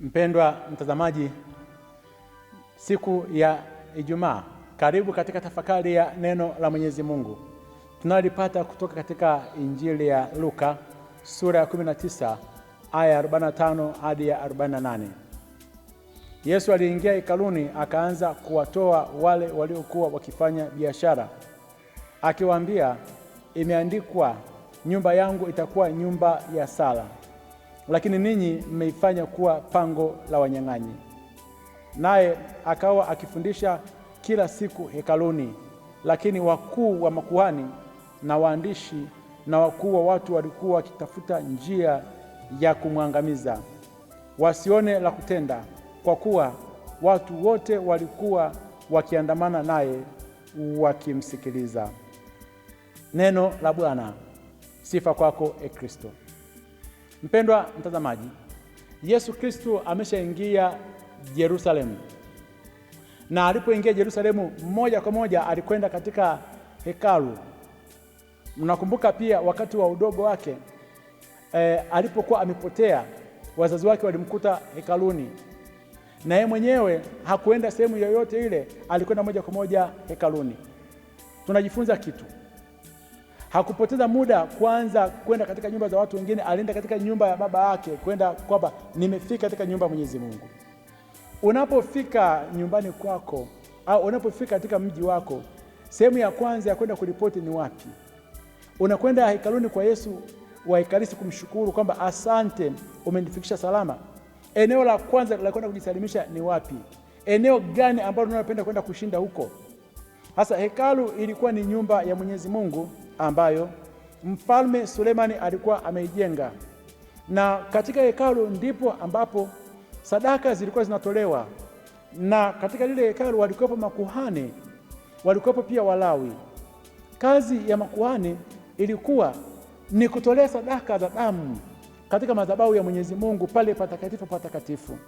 Mpendwa mtazamaji, siku ya Ijumaa, karibu katika tafakari ya neno la Mwenyezi Mungu tunalipata kutoka katika Injili ya Luka sura ya 19 aya 45 hadi ya 48. Yesu aliingia hekaluni akaanza kuwatoa wale waliokuwa wakifanya biashara, akiwaambia, imeandikwa, nyumba yangu itakuwa nyumba ya sala lakini ninyi mmeifanya kuwa pango la wanyang'anyi. Naye akawa akifundisha kila siku hekaluni, lakini wakuu wa makuhani na waandishi na wakuu wa watu walikuwa wakitafuta njia ya kumwangamiza, wasione la kutenda, kwa kuwa watu wote walikuwa wakiandamana naye wakimsikiliza. Neno la Bwana. Sifa kwako, e Kristo. Mpendwa mtazamaji, Yesu Kristo ameshaingia Yerusalemu, na alipoingia Yerusalemu moja kwa moja alikwenda katika hekalu. Mnakumbuka pia wakati wa udogo wake e, alipokuwa amepotea wazazi wake walimkuta hekaluni, na yeye mwenyewe hakuenda sehemu yoyote ile, alikwenda moja kwa moja hekaluni. Tunajifunza kitu Hakupoteza muda kwanza kwenda katika nyumba za watu wengine, alienda katika nyumba ya baba yake kwenda kwamba nimefika katika nyumba ya Mwenyezi Mungu. Unapofika nyumbani kwako au unapofika katika mji wako, sehemu ya kwanza ya kwenda kuripoti ni wapi? Unakwenda hekaluni kwa Yesu wa Ekaristi kumshukuru kwamba asante, umenifikisha salama. Eneo la kwanza la kwenda kujisalimisha ni wapi? Eneo gani ambalo unapenda kwenda kushinda huko? Hasa hekalu ilikuwa ni nyumba ya Mwenyezi Mungu ambayo Mfalme Sulemani alikuwa ameijenga, na katika hekalu ndipo ambapo sadaka zilikuwa zinatolewa, na katika lile hekalu walikuwepo makuhani, walikuwepo pia Walawi. Kazi ya makuhani ilikuwa ni kutolea sadaka za damu katika madhabahu ya Mwenyezi Mungu pale patakatifu patakatifu,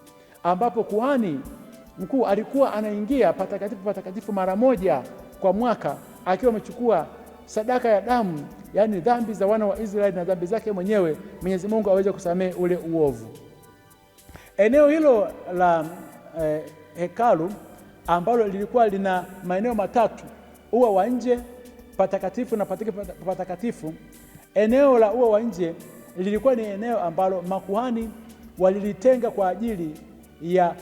ambapo kuhani mkuu alikuwa anaingia patakatifu patakatifu mara moja kwa mwaka akiwa amechukua sadaka ya damu, yaani dhambi za wana wa Israeli na dhambi zake mwenyewe, Mwenyezi Mungu aweze kusamehe ule uovu. Eneo hilo la eh, hekalu ambalo lilikuwa lina maeneo matatu: ua wa nje, patakatifu na patakatifu. Eneo la ua wa nje lilikuwa ni eneo ambalo makuhani walilitenga kwa ajili ya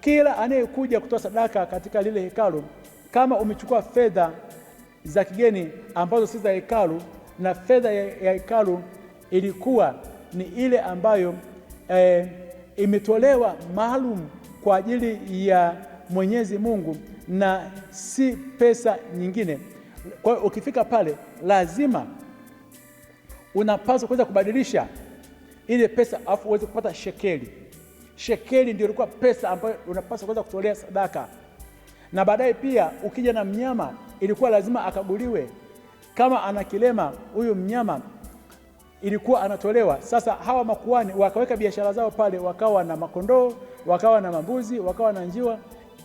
kila anayekuja kutoa sadaka katika lile hekalu. Kama umechukua fedha za kigeni ambazo si za hekalu, na fedha ya hekalu ilikuwa ni ile ambayo e, imetolewa maalum kwa ajili ya Mwenyezi Mungu na si pesa nyingine. Kwa hiyo ukifika pale, lazima unapaswa kuweza kubadilisha ile pesa afu uweze kupata shekeli. Shekeli ndio ilikuwa pesa ambayo unapaswa kuweza kutolea sadaka, na baadaye pia ukija na mnyama ilikuwa lazima akaguliwe. Kama ana kilema huyu mnyama ilikuwa anatolewa. Sasa hawa makuani wakaweka biashara zao pale, wakawa na makondoo, wakawa na mambuzi, wakawa na njiwa,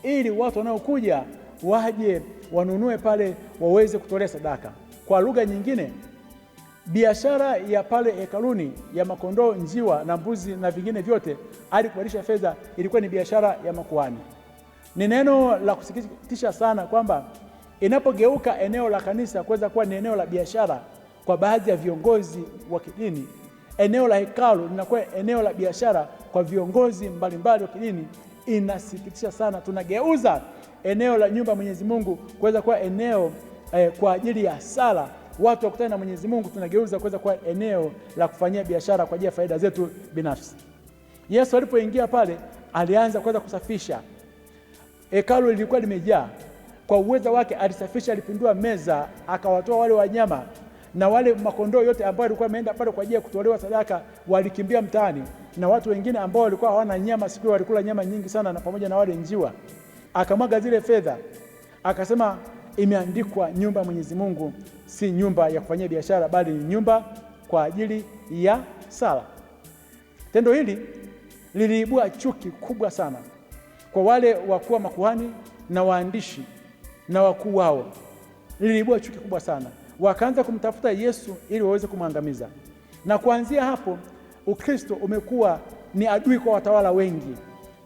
ili watu wanaokuja waje wanunue pale waweze kutolea sadaka. Kwa lugha nyingine, biashara ya pale hekaluni ya makondoo, njiwa na mbuzi na vingine vyote hadi kubadilisha fedha ilikuwa ni biashara ya makuani. Ni neno la kusikitisha sana kwamba inapogeuka eneo la kanisa kuweza kuwa ni eneo la biashara kwa baadhi ya viongozi wa kidini, eneo la hekalu linakuwa eneo la biashara kwa viongozi mbalimbali wa kidini, inasikitisha sana. Tunageuza eneo la nyumba ya Mwenyezi Mungu kuweza kuwa eneo eh, kwa ajili ya sala watu wakutane na Mwenyezi Mungu, tunageuza kuweza kuwa eneo la kufanyia biashara kwa ajili ya faida zetu binafsi. Yesu alipoingia pale, alianza kuweza kusafisha hekalu, lilikuwa limejaa kwa uwezo wake alisafisha, alipindua meza, akawatoa wale wanyama na wale makondoo yote ambao walikuwa wameenda pale kwa ajili ya kutolewa sadaka walikimbia mtaani, na watu wengine ambao walikuwa hawana nyama siku walikula nyama nyingi sana, na pamoja na wale njiwa. Akamwaga zile fedha, akasema imeandikwa, nyumba ya Mwenyezi Mungu si nyumba ya kufanyia biashara, bali ni nyumba kwa ajili ya sala. Tendo hili liliibua chuki kubwa sana kwa wale wakuu wa makuhani na waandishi na wakuu wao, liliibua chuki kubwa sana. Wakaanza kumtafuta Yesu ili waweze kumwangamiza, na kuanzia hapo Ukristo umekuwa ni adui kwa watawala wengi.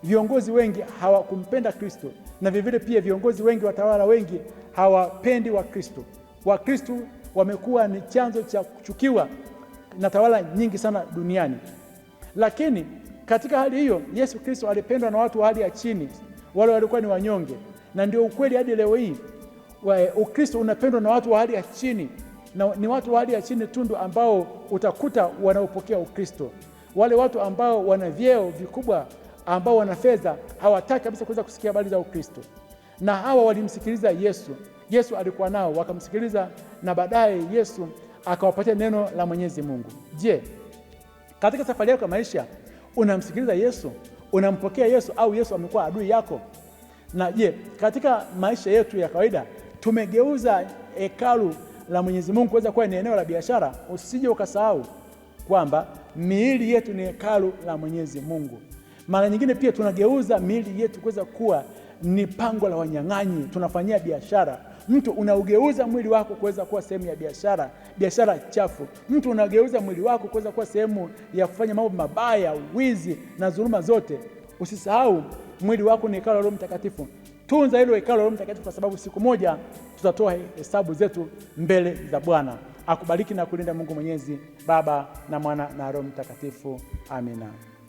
Viongozi wengi hawakumpenda Kristo, na vivile pia viongozi wengi, watawala wengi hawapendi Wakristo. Wakristo wamekuwa ni chanzo cha kuchukiwa na tawala nyingi sana duniani. Lakini katika hali hiyo Yesu Kristo alipendwa na watu wa hali ya chini, wale walikuwa ni wanyonge na ndio ukweli hadi leo hii. Ukristo unapendwa na watu wa hali ya chini, na ni watu wa hali ya chini tundu ambao utakuta wanaopokea Ukristo. Wale watu ambao wana vyeo vikubwa, ambao wana fedha, hawataki kabisa kuweza kusikia habari za Ukristo, na hawa walimsikiliza Yesu. Yesu alikuwa nao, wakamsikiliza na baadaye Yesu akawapatia neno la Mwenyezi Mungu. Je, katika safari yako ya maisha unamsikiliza Yesu? Unampokea Yesu au Yesu amekuwa adui yako? Na je, katika maisha yetu ya kawaida tumegeuza hekalu la Mwenyezi Mungu kuweza kuwa ni eneo la biashara? Usije ukasahau kwamba miili yetu ni hekalu la Mwenyezi Mungu. Mara nyingine pia tunageuza miili yetu kuweza kuwa ni pango la wanyang'anyi, tunafanyia biashara. Mtu unaugeuza mwili wako kuweza kuwa sehemu ya biashara, biashara chafu. Mtu unageuza mwili wako kuweza kuwa sehemu ya kufanya mambo mabaya, wizi na dhuluma zote. Usisahau Mwili wako ni hekalu la Roho Mtakatifu. Tunza hilo hekalu la Roho Mtakatifu, kwa sababu siku moja tutatoa hesabu zetu mbele za Bwana. Akubariki na kulinda Mungu Mwenyezi, Baba na Mwana na Roho Mtakatifu. Amina.